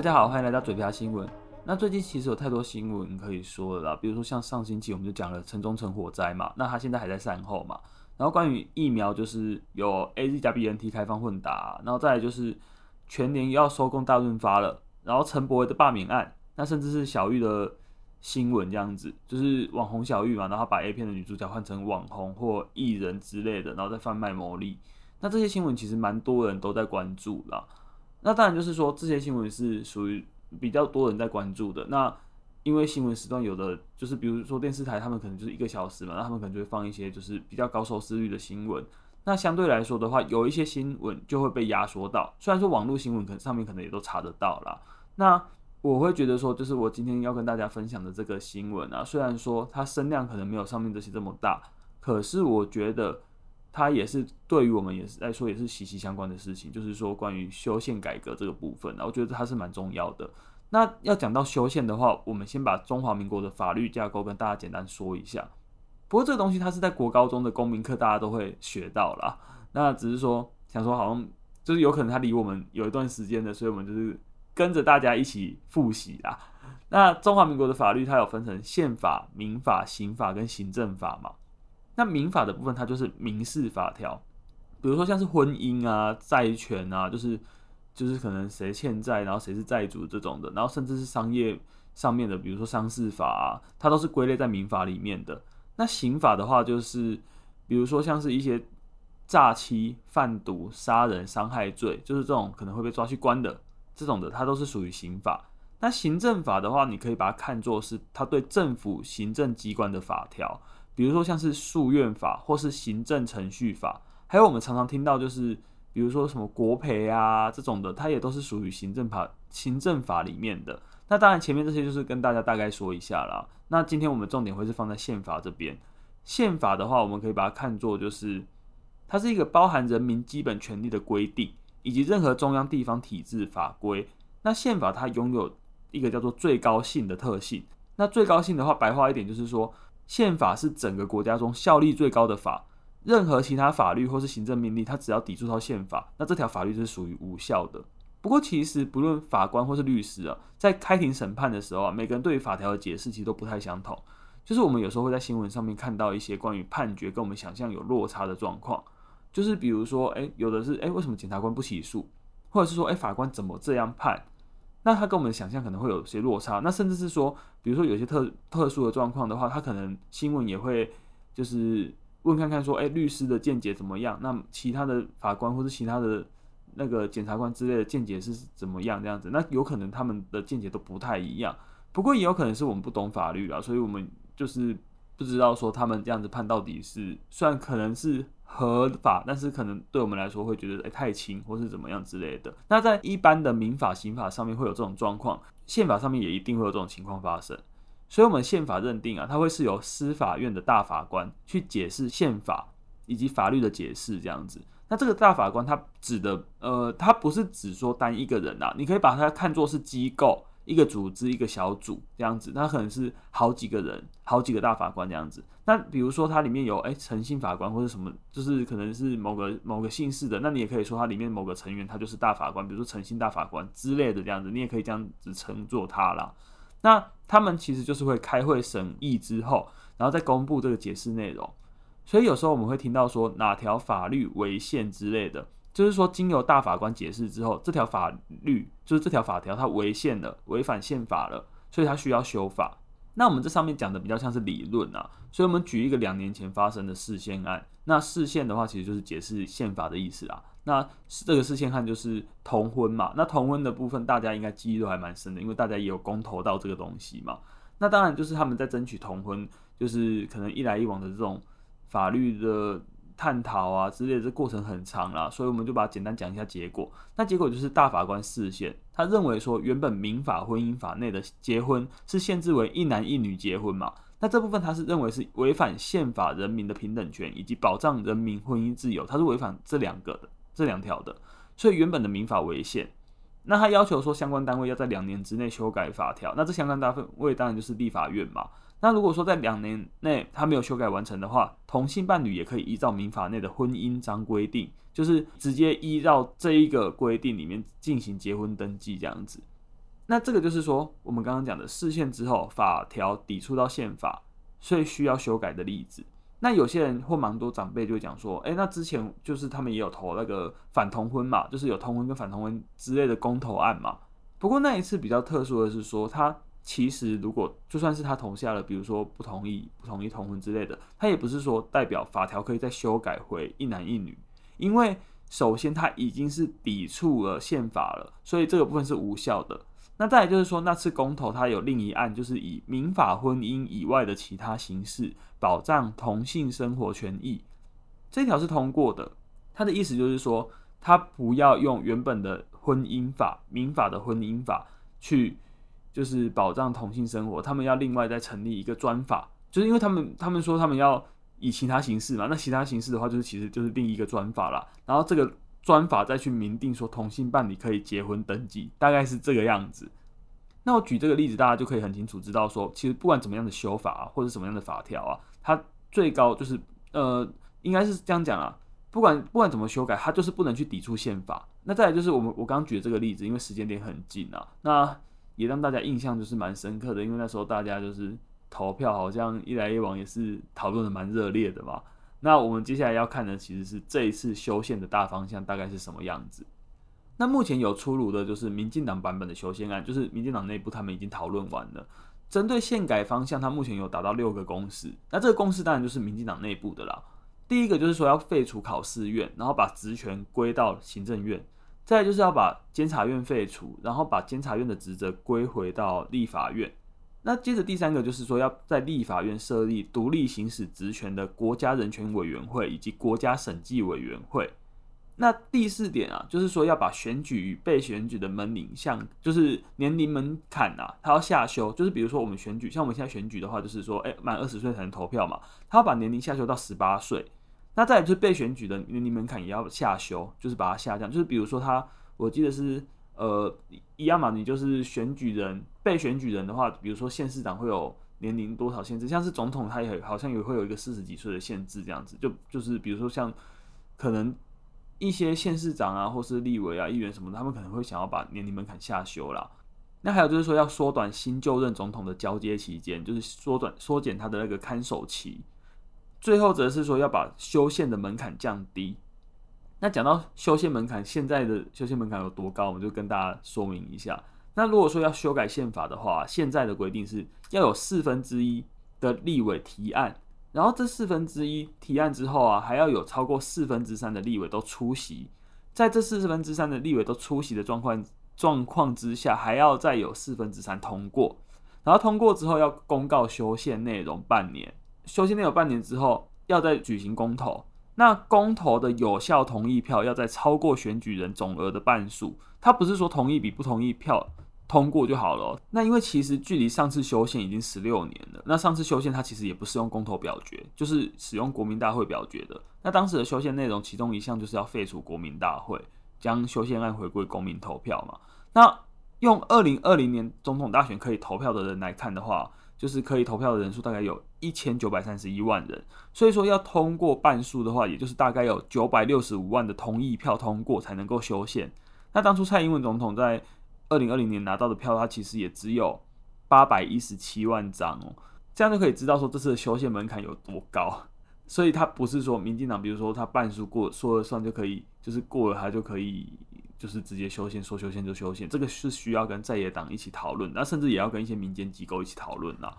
大家好，歡迎來到嘴瓢新聞。那最近其實有太多新聞可以說了啦，比如說像上星期我們就講了城中城火災嘛，那他現在還在善後嘛。然後關於疫苗，就是有 A Z 加 B N T 開放混打，然後再來就是全聯要收購大潤發了。然後陳柏惟的罷免案，那甚至是小玉的新聞這樣子，就是網紅小玉嘛，然後他把 A 片的女主角換成網紅或藝人之類的，然後再販賣牟利。那這些新聞其實蠻多人都在關注啦。那當然就是說，這些新聞是屬於比較多人在關注的。那因為新聞時段有的就是，比如說電視台，他們可能就是一個小時嘛，那他們可能就會放一些就是比較高收視率的新聞。那相對來說的話，有一些新聞就會被壓縮到。雖然說網絡新聞可能上面可能也都查得到啦。那我會覺得說，就是我今天要跟大家分享的這個新聞啊，雖然說它聲量可能沒有上面這些這麼大，可是我覺得。它也是對於我們也是來說也是息息相關的事情。就是說關於修憲改革這個部分，我覺得它是蠻重要的。那要講到修憲的話，我們先把中華民國的法律架構跟大家簡單說一下。不過這個東西它是在國高中的公民課大家都會學到啦，那只是說想說好像就是有可能它離我們有一段時間的，所以我們就是跟着大家一起複習啦。那中華民國的法律它有分成憲法、民法、刑法跟行政法嘛。那民法的部分，它就是民事法條，比如說像是婚姻啊、債權啊，就是就是可能誰欠債，然後誰是債主這種的，然後甚至是商業上面的，比如說商事法啊，它都是歸類在民法裡面的。那刑法的話，就是比如說像是一些詐欺、販毒、殺人、傷害罪，就是這種可能會被抓去關的這種的，它都是屬於刑法。那行政法的話，你可以把它看作是它對政府行政機關的法條。比如說像是訴願法或是行政程序法，還有我們常常聽到就是，比如說什麼國賠啊這種的，它也都是屬於行政法、行政法裡面的。那當然前面這些就是跟大家大概說一下啦。那今天我們重點會是放在憲法這邊。憲法的話，我們可以把它看作就是，它是一個包含人民基本權利的規定，以及任何中央地方體制法規。那憲法它擁有一個叫做最高性的特性。那最高性的話，白話一點就是說。憲法是整個國家中效力最高的法，任何其他法律或是行政命令，它只要抵觸到憲法，那這條法律是屬於無效的。不過，其實不論法官或是律師啊，在開庭審判的時候啊，每個人對於法條的解釋其實都不太相同。就是我們有時候會在新聞上面看到一些關於判決跟我們想象有落差的狀況，就是比如說，欸，有的是欸，為什麼檢察官不起訴，或者是說，欸，法官怎麼這樣判？那他跟我們的想象可能會有些落差，那甚至是說，比如說有些特特殊的狀況的話，他可能新聞也會就是問看看說，哎、欸，律師的見解怎麼樣？那其他的法官或者其他的那個檢察官之類的見解是怎麼樣這樣子？那有可能他們的見解都不太一樣，不過也有可能是我們不懂法律啊，所以我們就是。不知道說他們這樣子判到底是，雖然可能是合法，但是可能對我們來說會覺得、欸、太輕，或是怎麼樣之類的。那在一般的民法、刑法上面會有這種狀況，憲法上面也一定會有這種情況發生。所以，我們憲法認定啊，它會是由司法院的大法官去解釋憲法以及法律的解釋這樣子。那這個大法官他指的，呃，他不是只說單一個人啊，你可以把它看作是機構。一個組織，一個小組這樣子，那可能是好幾個人，好幾個大法官這樣子。那比如說它裡面有哎誠信法官或者什麼，就是可能是某個某個姓氏的，那你也可以說它裡面某個成員他就是大法官，比如說誠信大法官之類的這樣子，你也可以這樣子稱作他啦。那他們其實就是會開會審議之後，然後再公布這個解釋內容。所以有時候我們會聽到說哪條法律違憲之類的。就是說，經由大法官解釋之後，這條法律就是這條法條，它違憲了，違反憲法了，所以它需要修法。那我們這上面講的比較像是理論啊，所以我們舉一個兩年前發生的釋憲案。那釋憲的話，其實就是解釋憲法的意思啦、啊。那這個釋憲案就是同婚嘛。那同婚的部分，大家應該記憶都還蠻深的，因為大家也有公投到這個東西嘛。那當然就是他們在爭取同婚，就是可能一來一往的這種法律的。探討啊之類的，這過程很長了，所以我們就把他簡單講一下結果。那結果就是大法官釋憲，他認為說原本民法婚姻法內的結婚是限制為一男一女結婚嘛，那這部分他是認為是違反憲法人民的平等權以及保障人民婚姻自由，他是違反這兩個的這兩條的，所以原本的民法違憲。那他要求說相關單位要在兩年之內修改法條，那這相關單位當然就是立法院嘛。那如果說在兩年內他沒有修改完成的話，同性伴侶也可以依照民法內的婚姻章規定，就是直接依照這一個規定裡面進行結婚登記這樣子。那這個就是說我們剛剛講的釋憲之後法條抵觸到憲法，所以需要修改的例子。那有些人或蠻多長輩就講說，誒、欸，那之前就是他們也有投那個反同婚嘛，就是有同婚跟反同婚之類的公投案嘛。不過那一次比較特殊的是說他。其實，如果就算是他同下了，比如說不同意、不同意同婚之類的，他也不是說代表法條可以再修改回一男一女，因為首先他已經是抵觸了憲法了，所以這個部分是無效的。那再來就是說，那次公投，他有另一案，就是以民法婚姻以外的其他形式保障同性生活權益，這條是通過的。他的意思就是說，他不要用原本的婚姻法、民法的婚姻法去。就是保障同性生活，他們要另外再成立一個專法，就是因為他們他們說他們要以其他形式嘛，那其他形式的話，就是其實就是另一個專法啦，然後這個專法再去明定說同性伴侶可以結婚登記，大概是這個樣子。那我舉這個例子，大家就可以很清楚知道說，其實不管怎麼樣的修法啊，或者什麼樣的法條啊，它最高就是呃，應該是這樣講啊，不管不管怎麼修改，它就是不能去抵觸憲法。那再來就是我們我剛舉的這個例子，因為時間點很近啊，那。也讓大家印象就是蠻深刻的，因為那時候大家就是投票，好像一來一往也是討論得蠻熱烈的嘛。那我們接下來要看的其實是這一次修憲的大方向大概是什麼樣子。那目前有出爐的就是民進黨版本的修憲案，就是民進黨內部他們已經討論完了，針對憲改方向，它目前有達到六個共識。那這個共識當然就是民進黨內部的啦。第一個就是說要廢除考試院，然後把職權歸到行政院。再來就是要把監察院廢除，然後把監察院的職責歸回到立法院。那接着第三個就是說要在立法院設立獨立行使職權的國家人權委員會以及國家審計委員會。那第四點啊，就是說要把選舉與被選舉的門齡，像就是年齡門檻啊，它要下修。就是比如說我們選舉，像我們現在選舉的話，就是說哎滿二十歲才能投票嘛，他要把年齡下修到十八歲。那再來就是被選舉的年齡門檻也要下修，就是把它下降。就是比如說他，我記得是呃一樣嘛，Yama, 你就是選舉人、被選舉人的話，比如說縣市長會有年齡多少限制，像是總統他也好像也會有一個四十幾歲的限制這樣子。就就是比如說像可能一些縣市長啊，或是立委啊、議員什麼的，他們可能會想要把年齡門檻下修了。那還有就是說要縮短新就任總統的交接期間，就是縮短縮減他的那個看守期。最後則是說要把修憲的門檻降低。那講到修憲門檻，現在的修憲門檻有多高？我們就跟大家說明一下。那如果說要修改憲法的話，現在的規定是要有四分之一的立委提案，然後這四分之一提案之後啊，還要有超過四分之三的立委都出席。在這四分之三的立委都出席的狀況狀況之下，還要再有四分之三通過，然後通過之後要公告修憲內容半年。修憲內容半年之後，要再舉行公投。那公投的有效同意票要在超過選舉人總額的半數，他不是說同意比不同意票通過就好了喔。那因為其實距離上次修憲已經十六年了，那上次修憲他其實也不是用公投表決，就是使用國民大會表決的。那當時的修憲內容，其中一項就是要廢除國民大會，將修憲案回歸公民投票嘛。那用二零二零年總統大選可以投票的人來看的話，就是可以投票的人數大概有一千九百三十一萬人，所以說要通過半數的話，也就是大概有九百六十五萬的同意票通過才能夠修憲。那當初蔡英文總統在二零二零年拿到的票，他其實也只有八百一十七萬張哦，這樣就可以知道說這次的修憲門檻有多高。所以他不是說民進黨，比如說他半數過了說了算就可以，就是過了他就可以。就是直接修憲，說修憲就修憲，這個是需要跟在野黨一起討論，那甚至也要跟一些民間機構一起討論、啊、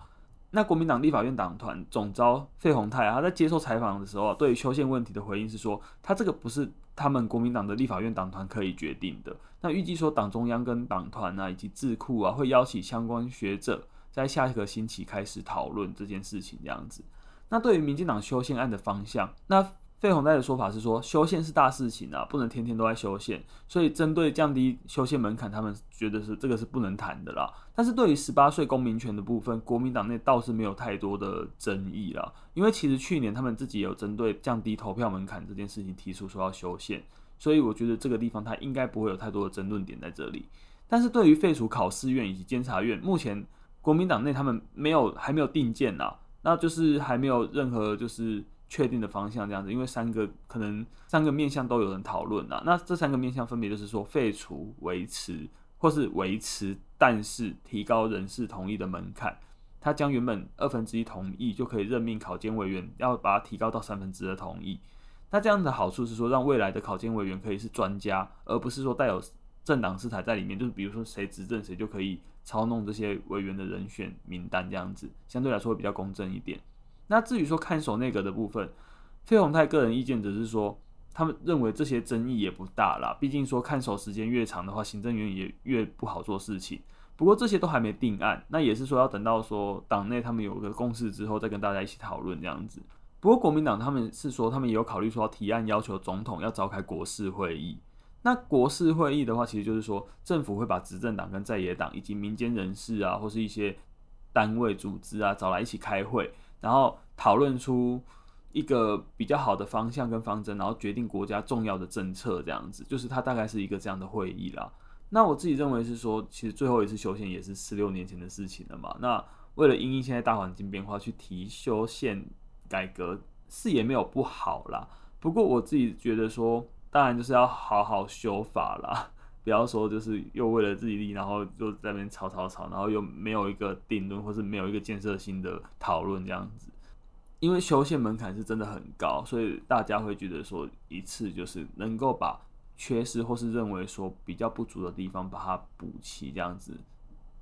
那國民黨立法院黨團總召費鴻泰、啊、他在接受採訪的時候、啊，對於修憲問題的回應是說，他這個不是他們國民黨的立法院黨團可以決定的。那預計說，黨中央跟黨團啊，以及智庫啊，會邀請相關學者在下一個星期開始討論這件事情這樣子。那對於民進黨修憲案的方向，那費鴻泰的說法是說，修憲是大事情啊，不能天天都在修憲。所以，針對降低修憲門檻，他們覺得是這個是不能談的啦。但是對於十八歲公民權的部分，國民黨內倒是沒有太多的爭議啦。因為其實去年他們自己也有針對降低投票門檻這件事情提出說要修憲，所以我覺得這個地方他應該不會有太多的爭論點在這裡。但是對於廢除考試院以及監察院，目前國民黨內他們沒有還沒有定見吶、啊，那就是還沒有任何就是。確定的方向這樣子，因為三個可能三個面向都有人討論啦。那這三個面向分別就是說，廢除、維持或是維持，但是提高人事同意的門檻。他將原本二分之一同意就可以任命考監委員，要把它提高到三分之二同意。那這樣的好處是說，讓未來的考監委員可以是專家，而不是說帶有政黨色彩在裡面。就是比如說誰執政，誰就可以操弄這些委員的人選名單這樣子，相對來說會比較公正一點。那至於說看守內閣的部分，費鴻泰個人意見只是說，他們認為這些爭議也不大啦。畢竟說看守時間越長的話，行政院也越不好做事情。不過這些都還沒定案，那也是說要等到說黨內他們有個共識之後，再跟大家一起討論這樣子。不過國民黨他們是說，他們也有考慮說，提案要求總統要召開國事會議。那國事會議的話，其實就是說政府會把執政黨跟在野黨以及民間人士啊，或是一些單位組織啊，找來一起開會，然後。討論出一個比較好的方向跟方針，然後決定國家重要的政策，這樣子，就是它大概是一個這樣的會議啦，那我自己認為是說，其實最後一次修憲也是十六年前的事情了嘛。那為了因應現在大環境變化去提修憲改革，是也沒有不好啦。不過我自己覺得說，當然就是要好好修法啦，不要說就是又為了自己利益，然後又在那邊吵吵吵，然後又沒有一個定論，或是沒有一個建設性的討論這樣子。因為修憲門檻是真的很高，所以大家會覺得說，一次就是能夠把缺失或是認為說比較不足的地方把它補齊，這樣子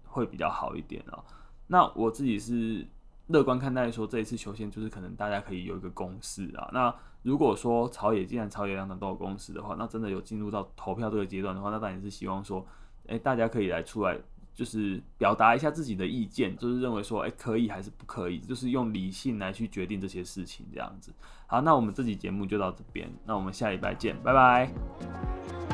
會比較好一點啊。那我自己是樂觀看待說這一次修憲就是可能大家可以有一個共識啊。那如果說朝野，既然朝野兩黨都有共識的話，那真的有進入到投票這個階段的話，那當然也是希望說，誒，大家可以來出來。就是表達一下自己的意見，就是認為說，哎、欸，可以還是不可以，就是用理性來去決定這些事情，這樣子。好，那我們這集節目就到這邊，那我們下禮拜見，拜拜。